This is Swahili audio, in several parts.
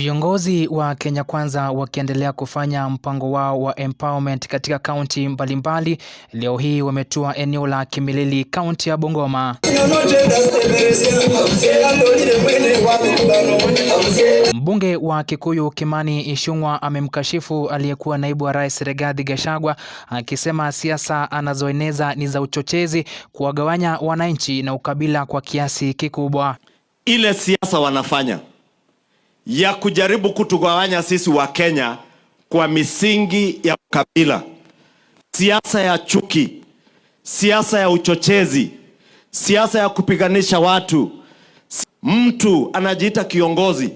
Viongozi wa Kenya Kwanza wakiendelea kufanya mpango wao wa empowerment katika kaunti mbalimbali, leo hii wametua eneo la Kimilili, kaunti ya Bungoma. Mbunge wa Kikuyu Kimani ishungwa amemkashifu aliyekuwa naibu wa rais Rigathi Gachagua akisema siasa anazoeneza ni za uchochezi, kuwagawanya wananchi na ukabila kwa kiasi kikubwa. Ile siasa wanafanya ya kujaribu kutugawanya sisi wa Kenya kwa misingi ya ukabila, siasa ya chuki, siasa ya uchochezi, siasa ya kupiganisha watu. Mtu anajiita kiongozi,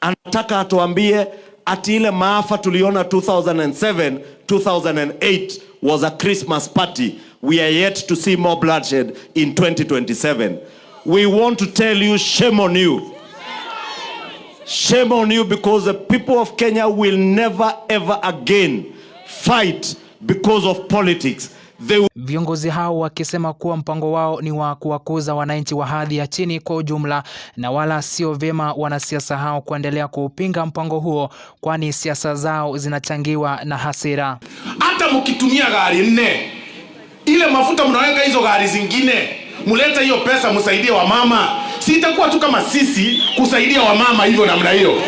anataka atuambie ati ile maafa tuliona 2007 2008 was a Christmas party. We are yet to see more bloodshed in 2027. We want to tell you shame on you. Shame on you because the people of Kenya will never ever again fight because of politics. They... Viongozi hao wakisema kuwa mpango wao ni wa kuwakuza wananchi wa hadhi ya chini kwa ujumla na wala sio vyema wanasiasa hao kuendelea kuupinga mpango huo kwani siasa zao zinachangiwa na hasira. Hata mkitumia gari nne ile mafuta mnaweka hizo gari zingine, mulete hiyo pesa msaidie wamama sitakuwa tu kama sisi kusaidia wamama hivyo namna hiyo.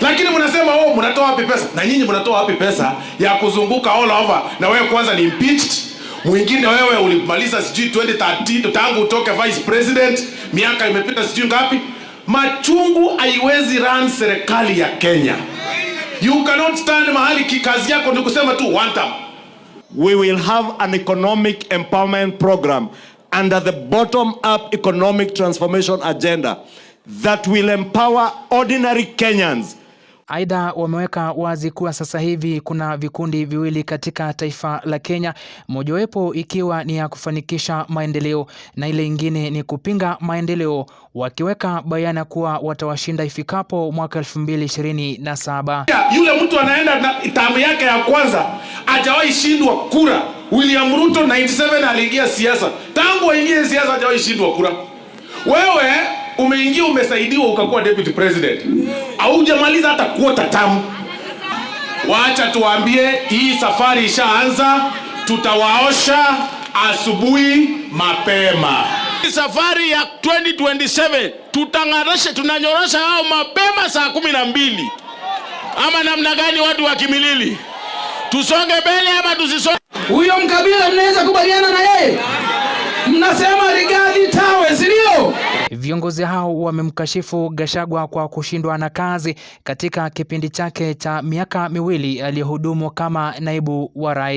Lakini mnasema oh, mnatoa wapi pesa? Na nyinyi mnatoa wapi pesa ya kuzunguka all over? Na wewe kwanza ni impeached, mwingine wewe ulimaliza sijui 2013 tangu utoke vice president, miaka imepita sijui ngapi. Machungu haiwezi run serikali ya Kenya. You cannot stand mahali kikazi yako ni kusema tu one We will have an economic empowerment program under the bottom-up economic transformation agenda that will empower ordinary Kenyans. Aidha, wameweka wazi kuwa sasa hivi kuna vikundi viwili katika taifa la Kenya, mojawapo ikiwa ni ya kufanikisha maendeleo na ile ingine ni kupinga maendeleo, wakiweka bayana kuwa watawashinda ifikapo mwaka elfu mbili ishirini na saba. Yule mtu anaenda na tamu yake ya kwanza, ajawahi shindwa kura William Ruto 97 aliingia siasa, tangu aingie siasa hajawahi shindwa kura. Wewe umeingia umesaidiwa, ukakuwa deputy president, haujamaliza hata kuota tamu. Wacha tuambie, hii safari ishaanza, tutawaosha asubuhi mapema. Safari ya 2027 tutangarasha, tunanyorosha hao mapema saa kumi na mbili ama namna gani? Watu wa Kimilili, tusonge mbele ama tusisonge? Huyo mkabila mnaweza kubaliana na yeye, mnasema Rigathi Tawe, si ndio? Viongozi hao wamemkashifu Gachagua kwa kushindwa na kazi katika kipindi chake cha miaka miwili aliyohudumu kama naibu wa rais.